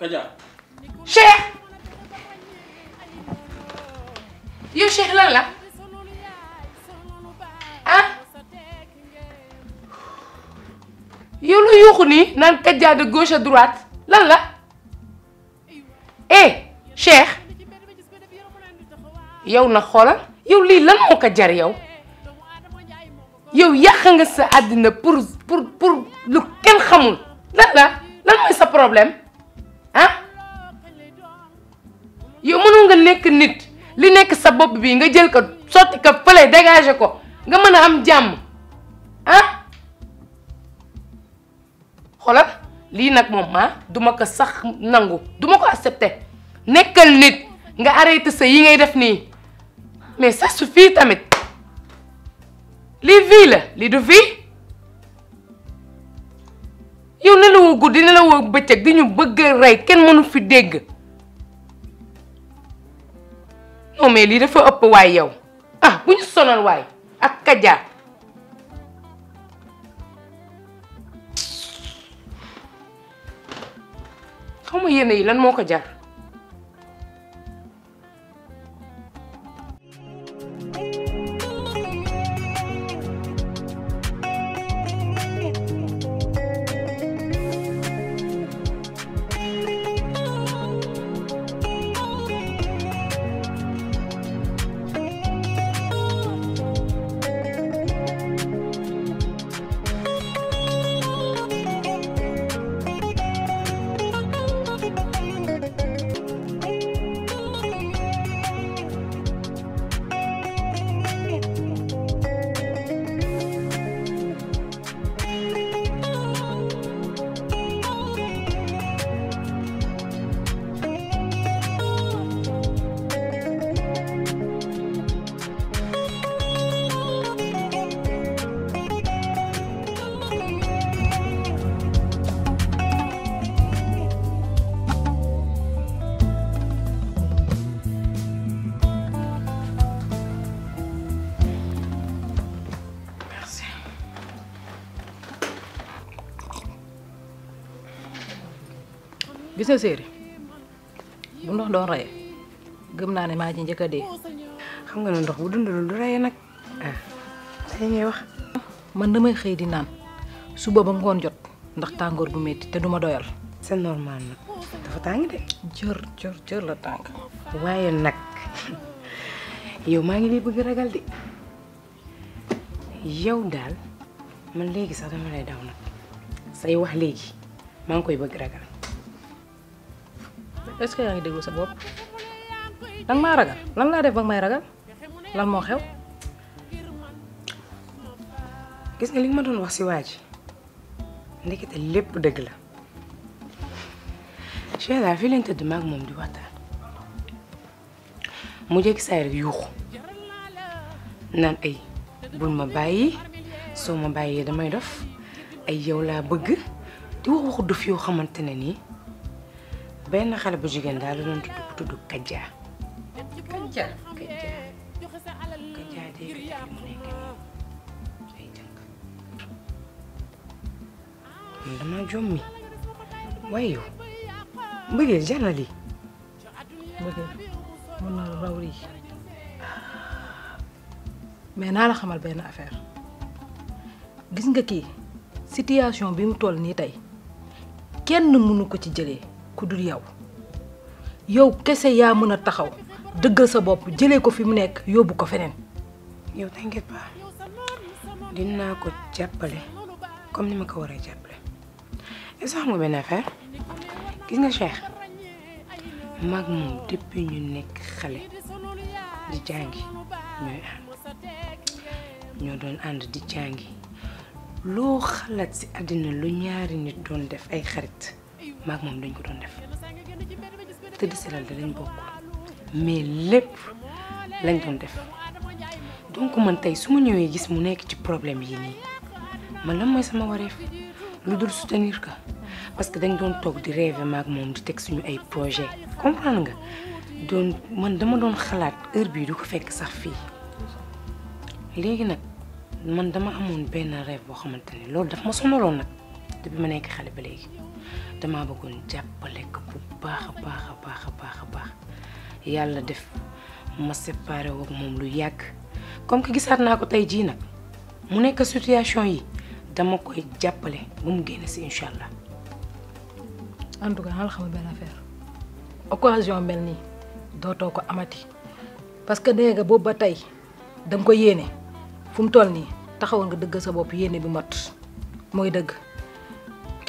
Kaja. Cheikh. yow Cheikh lan la ah? la yuuxu nii naan Kaja de gauche à droite lan la eh na xoolal yow lii lan moo ko jar yow yow yàq nga sa àddina pour lu kenn xamul lan lan mooy sa problème. yow mënu nga nek nit li nek sa bop bi nga jël ko soti ko fële dégager ko nga mëna am jàmm ah xolal li nak mom ma ah, duma ko sax nangu duma ko accepter nekkal nit nga arrêté sa yi ngay def ni mais ça suffit tamit li vie la lii du vie yow nelawoo guddi nelawoo bëccëg di ñu bëgg ray kenn mënu fi dégg non lii dafa ëpp waay yow ah bu ñu sonal waay ak kaja xaw ma yéene yi lan moo ko jar Bisa nga bu ndox do ray gëm na ne ma ci njëkk xam nga ndox bu dundul du ray nak ah. ay wax. man damay xey di naan su bobu ngon jot ndax tangor bu metti te duma doyal. c'est normal nak dafa tangi de. jor Jor jor la tang waye nak yow ma ngi li bëgg ragal di yow dal man léegi sax dama lay daw nak say wax koy bëgg ragal. est-ce yaa ngi déglu sa bopp danga maa ragal lan laa def ba may ragal lan moo xew. gis nga li ma doon wax ci waa ji ndekete lépp dëgg la Cheikh daal fii leen tëdd maag moom di waxtaan mu jékki saa rek yuuxu naan ay bul ma bàyyi soo ma bàyyee damay dof ay yow laa bëgg di wax waxu dof yoo xamante ne nii. benn xale bu jigéen daal la doon tudd ku tudd Kaja. Kaja Kaja mu nekk waaye yow mbëggeel lii. mbëggeel mën na raw lii ah. mais naa la xamal benn affaire gis nga kii situation bi mu toll nii tey kenn mënu ko ci jëlee. ku dul yow yow kese yaa mën a taxaw dëggal sa bopp jële ko fi mu nekk yóbbu ko feneen. yow t'inquiète pas ko jàppale comme ni ma ko war a jàppale et sax nga benn affaire gis nga Cheikh mag moom depuis ñu nekk xale di jàngi ñoo doon ànd di jàngi loo xalaat ci àddina lu ñaari nit doon def ay xarit. maag moom dañ ko doon def tëdd selal da lañ bokk mais lépp lañ doon def donc man tey su ma ñëwee gis mu nekk ci problème yi nii man lan mooy sama wareef lu dul soutenir ka parce que dañ doon toog di rêver maag moom di teg suñu ay projet comprendre nga doon man dama doon xalaat heure bii du ko fekk sax fii léegi nag man dama amoon benn rêve boo xamante ne loolu daf ma sonaloon nag bi ma nekk xale ba léegi damaa bëggoon jàppale ko bu baax baax a baax a baax a baax yàlla def ma séparé woo moom lu yàgg comme que gisaat naa ko tey jii nag mu nekk situation yi dama koy jàppale ba mu génn si incha allah. en tout cas xamal xamal benn affaire occasion mel nii dootoo ko amati parce que dégg nga boobu ba tey dam ko yéene fu mu toll nii taxawal nga dëgg sa bopp yéene bi mot mooy dëgg.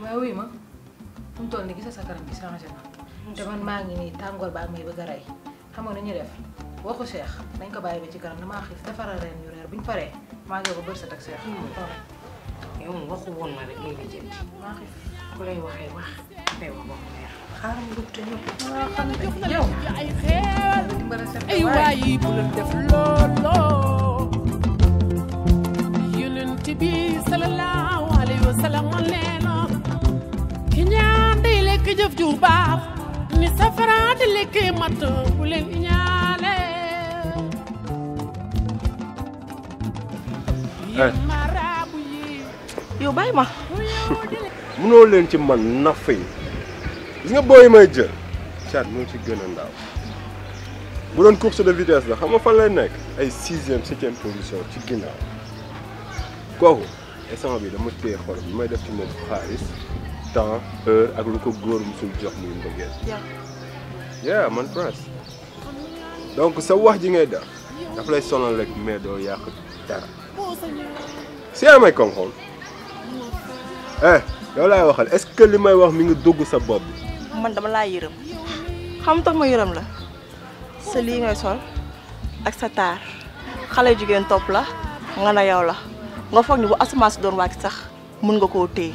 waaw wuy ma mu toll ni gis sa karam bi changé te man maa ngi nii tàngoor baa may bëgg a rey xam nga nu ñuy def waxu seex dañ ko bàyyi ba ci kanam damaa xiif defaral ren ñu reer bu paree maa ngi ko bërsët ak Cheikh. yow moom waxu woon ma rek lii di jënd maa xiif ku lay waxee wax tey wax ba mu neex xaaral ma dugg ay xeer ay waay yi bu leen def looloo yonent bi sallallahu iñaan day lekk jëf ju baax ni safara di lekkee mat bu leen iñaale eh. yow bàyyi ma mënoo leen ci man naff yi gis nga booy may jël caat moo ci gën a ndaaw bu doon course de vitesse la xam nga fan lay nekk ay sixième septième position ci ginnaaw kooku instant bi dama téye xol bi may def ci moom xaalis temps heure ak lu ko góor musul jox muy mbëggeel ya. yeah man prince donc sa wax ji ngay def daf lay sonal rek mais doo yàq dara si yaa may kom eh yow laay waxal est-ce que li may wax mi ngi un sa bopp man dama laa un xam tax ma yërëm la sa lii ngay sol ak sa un xale jigéen topp la nga na yow la nga foog ni bu asamaan doon wàcc sax un nga koo téye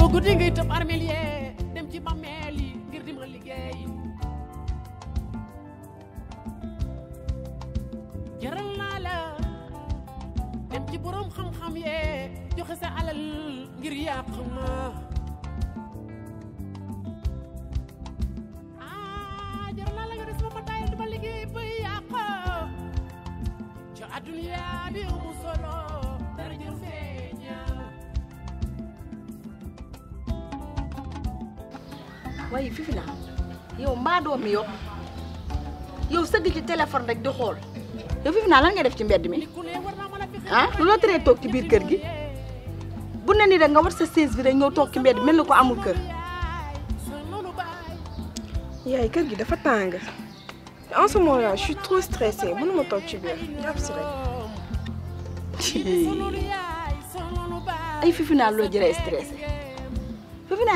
ba guddi ngay tëb armeel yee dem ci bàmmeel yi ngir di ma liggéey jaral naa la dem ci borom xam-xam yee joxe sa alal ngir yàq ma ah, jaral naa la nga des ma ma di ma liggéey bay yàq ca adduna bi amu solo waaye fifi la yow mbaa doo mi yow sëgg ci téléphone rek di xool yow fifi naa lan nga def ci mbedd mi ah lu la teree toog ci biir kër gi bu ne ni da nga war sa chaise bi rek ñëw toog ci mbedd mel ni ko amul kër. kër gi dafa tàng en ce mënuma toog ci biir jàpp si rek. ay fifi naa loo jëlee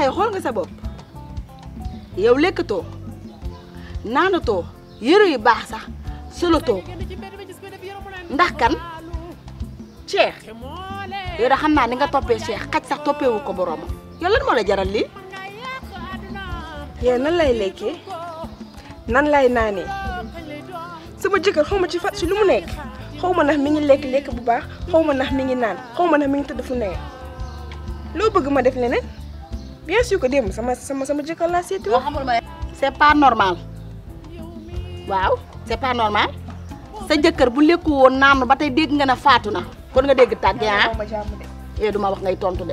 yow xool nga sa bopp. yow nanu to yëre yu bax sax to ndax kan Cheikh yow da xamna ni nga topé Cheikh xaj sax wu ko borom yow lan mo la jaral li yow nan lay leké nan lay nané sama jëkkër xawma ci fat ci lu mu nek xawma nak mi ngi lek lek bu baax xawma nak mi ngi nan xawma nak mi ngi fu nek lo bëgg def lenen Bien suka dia sama sama sama jëkkër laa seeti woon. c'est pas normal Wow, c'est pas normal sa jëkkër bu lekku woon naanu ba tey nga na kon nga dégg tàgge ya? eh duma wax ngay tontu de.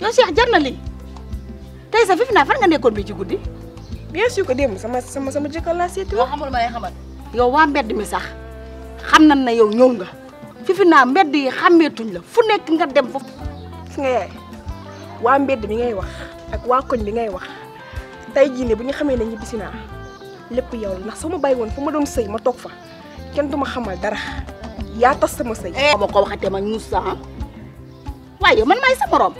yow Cheikh jar na lii tey sa fifi naa fan nga nekkoon bi ci guddi. bien sûr que sama sama sama jëkkër laa seeti woon. xamul ma lay xamal. yow waa mbedd mi sax xam nañ na yow ñëw nga fifi naa mbedd yi xàmmeetuñ la fu nga dem foofu. gis waa mbedd mi ngay wax ak waa koñ bi ngay wax tey jii ne bu ñu xamee ne ñibbisi naa lépp yow la ndax sama bàyyi woon fu ma doon sëy ma toog fa kenn du ma xamal dara yaa tas sama sëy. Eh, boo ko waxatee ma ñuus sa ah waaye man maay sa morom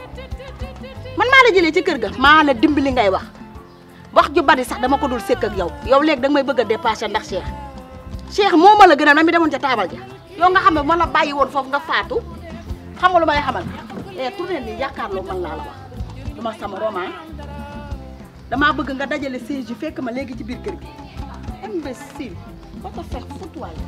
man maa jëlee ci kër ga maa la dimbali ngay wax wax ju bari sax dama ko dul sekk ak yow yow léegi danga may bëgg a dépassé ndax Cheikh Cheikh moo ma la gën na mi demoon ca taabal ja yow nga xam ne ma bàyyi woon foofu nga faatu xam nga lu may xamal. eh tourné ni yaakaarloo man laa la wax du ma sama roman damaa bëgg nga dajale siège yi fekk ma léegi ci biir kër gi imbécile va te faire foutoyer